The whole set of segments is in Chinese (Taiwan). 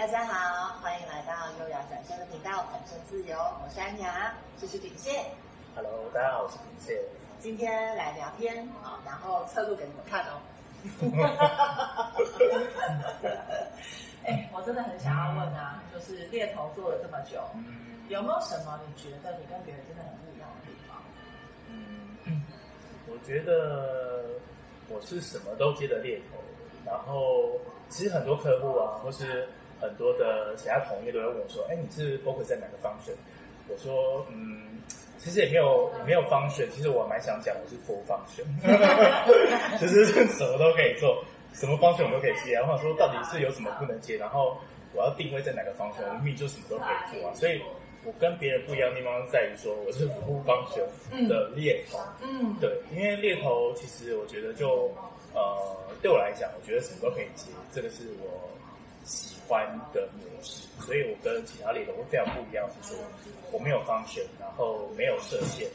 大家好，歡迎來到優雅轉身的頻道，轉身自由，我是安雅，這是秉憲。Hello，大家好，我是秉憲。今天來聊天啊，然後測路給你們看哦、 欸。我真的很想要問啊，嗯、就是獵頭做了這麼久、嗯，有沒有什麼你覺得你跟別人真的很不一樣的地方嗯？嗯，我覺得我是什麼都接的獵頭，然後其實很多客戶啊，或是。很多的其他同業都會問我說：“哎、欸，你是 focus 在哪個 function？我說：“嗯，其實也沒有也沒有 function。其實我蠻想講我是 full function，其實什麼都可以做，什麼 function 我都可以接。”然後說到底是有什麼不能接，然後我要定位在哪個 function？我咪 就什麼都可以做啊。所以，我跟別人不一樣的地方在於說，我是 full function 的獵頭。嗯，對，因為獵頭其實我覺得就、嗯、呃，對我來講，我覺得什麼都可以接，這個是我喜歡的模式，所以我跟其他獵頭會非常不一樣，是說我沒有 function，然後沒有設限，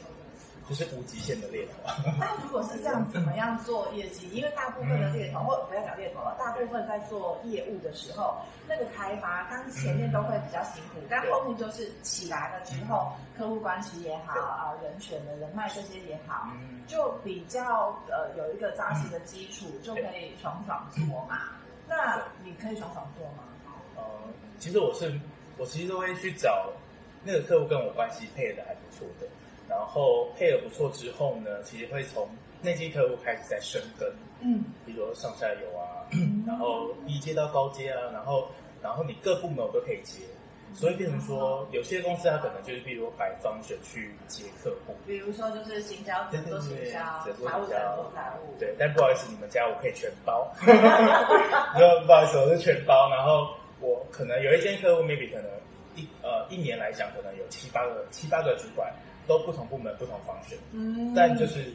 就是無極限的獵頭。那如果是這樣，怎麼樣做業績？因為大部分的獵頭，或、嗯、不要講獵頭了，大部分在做業務的時候，嗯、那個開發，當前面都會比較辛苦，但、嗯、後面就是起來了之後，嗯、客戶關係也好啊、呃，人選的人脈這些也好，嗯、就比較呃有一個紮實的基礎、嗯，就可以爽爽做嘛。那你可以找房做嗎？呃、嗯，其實我是，我其實都會去找那個客戶跟我關係配合的還不錯的，然後配合不錯之後呢，其實會從那些客戶開始在深耕，嗯，比如說上下游啊，嗯、然後低階到高階啊，然後然後你各部門我都可以接。所以變成說，有些公司它可能就是，比如擺方選去接客戶，比如說就是行銷做行銷，對對對，財務做財務，對。但不好意思，你們家我可以全包。 不好意思，我是全包。然後我可能有一間客戶，maybe 可能一呃一年來講，可能有七八個七八個主管，都不同部門，不同方式。嗯，但就是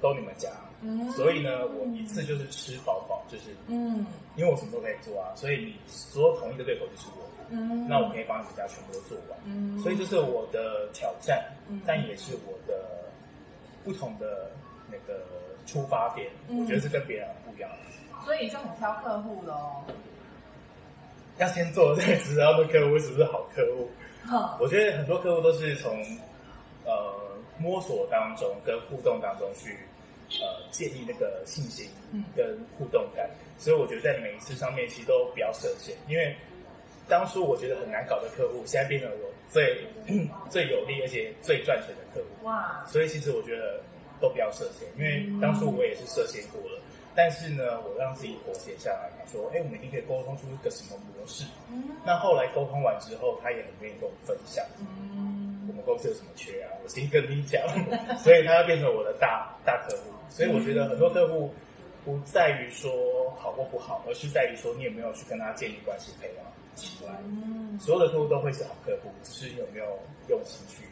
都你們家。嗯，所以呢，我一次就是吃飽。就是，嗯，因為我什麼都可以做啊，所以你所有同一個對口就是我，嗯，那我可以幫你們家全部都做完，嗯，所以這是我的挑戰，嗯，但也是我的不同的那個出發點，嗯，我覺得是跟別人不一樣，所以就很挑客戶嘍，哦，要先做了才知道那客戶是不是好客戶。我覺得很多客戶都是從呃摸索當中跟互動當中去呃建立那個信心跟互動感。嗯所以我覺得在每一次上面其實都不要設限，因為當初我覺得很難搞的客戶，現在變成我最最有利而且最賺錢的客戶。哇！所以其實我覺得都不要設限，因為當初我也是設限過了，嗯，但是呢，我讓自己活下來說哎，欸，我們一定可以溝通出一個什麼模式。嗯，那後來溝通完之後，他也很願意跟我分享，嗯。我們公司有什麼缺啊？我先跟你講， 所以他變成我的大大客戶。所以我覺得很多客戶。嗯嗯不在於說好或不好，而是在於說你有沒有去跟他建立關係、培養情感。所有的客戶都會是好客戶，只是有沒有用心去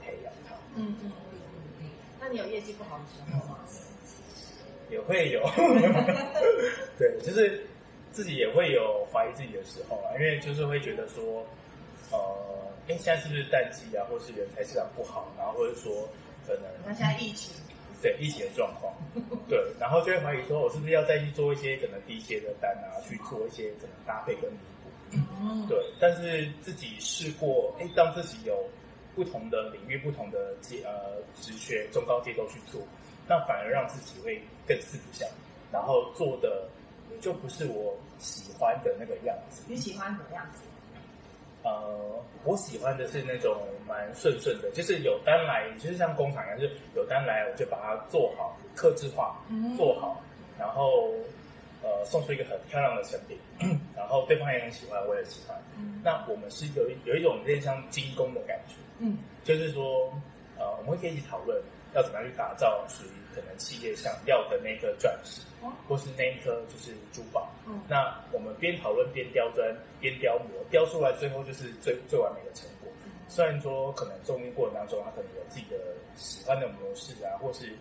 培養他。嗯，嗯，那你有業績不好的時候嗎？嗯、也會有。 對，就是自己也會有懷疑自己的時候啊，因為就是會覺得說，呃，哎、欸，現在是不是淡季啊，或是人才市場不好，然後或者說可能……大家疫情。嗯對，一起的狀況，對，然後就會懷疑說，我是不是要再去做一些可能低階的單啊，去做一些怎麼搭配跟彌補、嗯？對，但是自己試過，哎，當自己有不同的領域、不同的階呃職學，中高階都去做，那反而讓自己會更四不像。然後做的就不是我喜歡的那個樣子。你喜歡什麼樣子？呃，我喜歡的是那種蠻順順的，就是有單來，就是像工廠一樣，就是有單來，我就把它做好，客製化做好，然後呃，送出一個很漂亮的成品，嗯，然後對方也很喜歡，我也喜歡。嗯，那我們是有一有一種有點像精工的感覺，嗯，就是說呃，我們可以一起討論。要怎麼樣去打造屬於可能企業想要的那顆鑽石，哦，或是那一顆就是珠寶？嗯，那我們邊討論邊雕鑽，邊雕磨，雕出來最後就是最最完美的成果。嗯、雖然說可能中間過程當中，他可能有自己的喜歡的模式啊，或是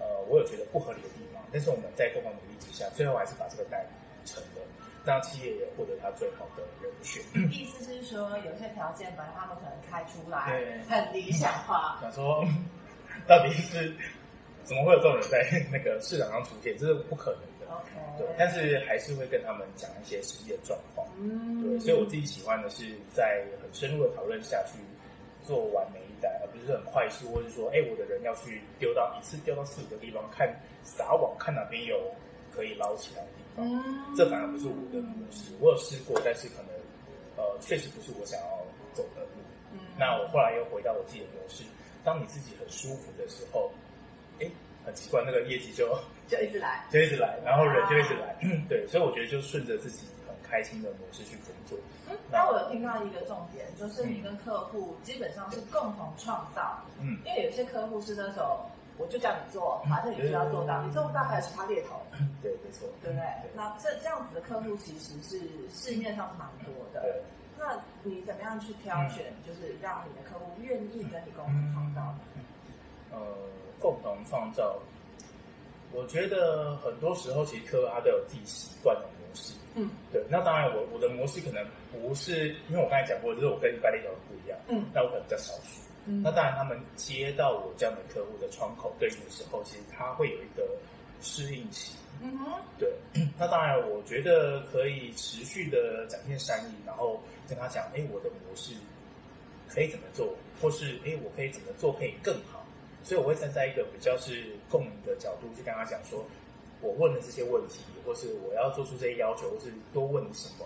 呃，我有覺得不合理的地方，但是我們在共同努力之下，最後還是把這個帶成了。讓企業也獲得他最好的人選。意思就是說，有些條件把他們可能開出來，對，很理想化。想說到底是怎麼會有這種人在那個市場上出現？這是不可能的。Okay. 對，但是還是會跟他們講一些實際的狀況。嗯、mm -hmm.，對，所以我自己喜歡的是在很深入的討論下去做完每一單，而不是很快速，或者說，哎、欸，我的人要去丟到一次丟到四五個地方看撒網，看哪邊有可以撈起來的地方。Mm -hmm. 這反而不是我的模式。我有試過，但是可能呃，確實不是我想要走的路。嗯、mm -hmm.，那我後來又回到我自己的模式。當你自己很舒服的時候，哎，很奇怪，那個業績就就一，就一直來，就一直來，然後人就一直來，啊、 對，所以我覺得就順着自己很開心的模式去工作。嗯，那但我有聽到一個重點，就是你跟客戶基本上是共同創造，嗯，因為有些客戶是那種我就叫你做，反、嗯、正你就要、是、做到，你做不到還有其他獵頭、嗯，對，沒錯，對不對？嗯、對，那這這樣子的客戶其實是市面上蠻多的。嗯、對。那你怎麼樣去挑選、嗯，就是讓你的客戶願意跟你共同創造？呃，共同創造，我覺得很多時候其實客戶他都有自己習慣的模式，嗯，對。那當然我，我我的模式可能不是，因為我剛才講過，就是我跟一利的人不一樣，嗯，那我可能在少數、嗯。那當然，他們接到我這樣的客戶的窗口，對應的時候，其實他會有一個。適應期，嗯哼，對，那當然，我覺得可以持續的展現善意，然後跟他講，哎，我的模式可以怎麼做，或是哎，我可以怎麼做可以更好，所以我會站在一個比較是共贏的角度去跟他講說，說我問了這些問題，或是我要做出這些要求，或是多問你什麼，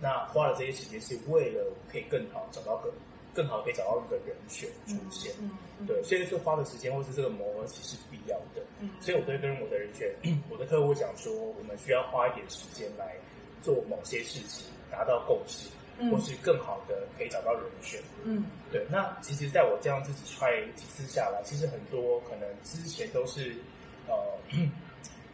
那花了這些時間是為了可以更好找到更。更好可以找到一個人選出現。嗯嗯，嗯，對，所以就花的時間或是這個磨合其實是必要的，嗯，所以我都會跟我的人選、嗯、我的客戶講說，我們需要花一點時間來做某些事情，達到共識、嗯，或是更好的可以找到人選，嗯，對。那其實，在我這樣自己 try 幾次下來，其實很多可能之前都是呃、嗯、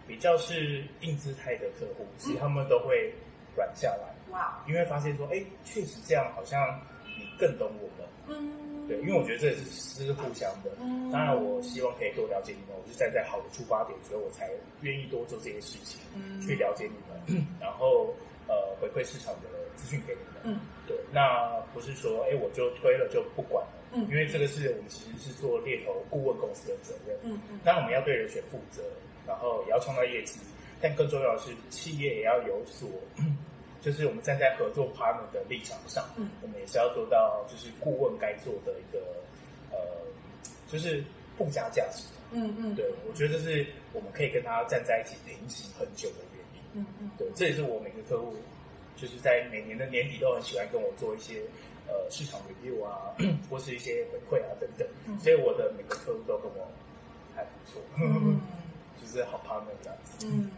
比較是硬姿態的客戶，其實他們都會軟下來，哇，因為發現說，哎、欸，確實這樣好像。你更懂我們、嗯，對，因為我覺得這是互相的。當、嗯、然，我希望可以多了解你們，我是站在好的出發點，所以我才願意多做這些事情，嗯、去了解你們，然後呃回饋市場的資訊給你們。嗯、對，那不是說哎我就推了就不管了，嗯、因為這個是我們其實是做獵頭顧問公司的責任。嗯嗯，當然我們要對人選負責，然後也要創造業績，但更重要的是企業也要有所。就是我們站在合作 partner 的立場上，嗯，我們也是要做到就是顧問該做的一個，呃，就是附加價值、啊，嗯嗯，對，我覺得這是我們可以跟他站在一起平行很久的原因，嗯嗯，對，這也是我每個客戶就是在每年的年底都很喜歡跟我做一些呃市場 review 啊、嗯，或是一些回饋啊等等、嗯，所以我的每個客戶都跟我還不錯，嗯嗯、 就是好 partner 這樣子，嗯。嗯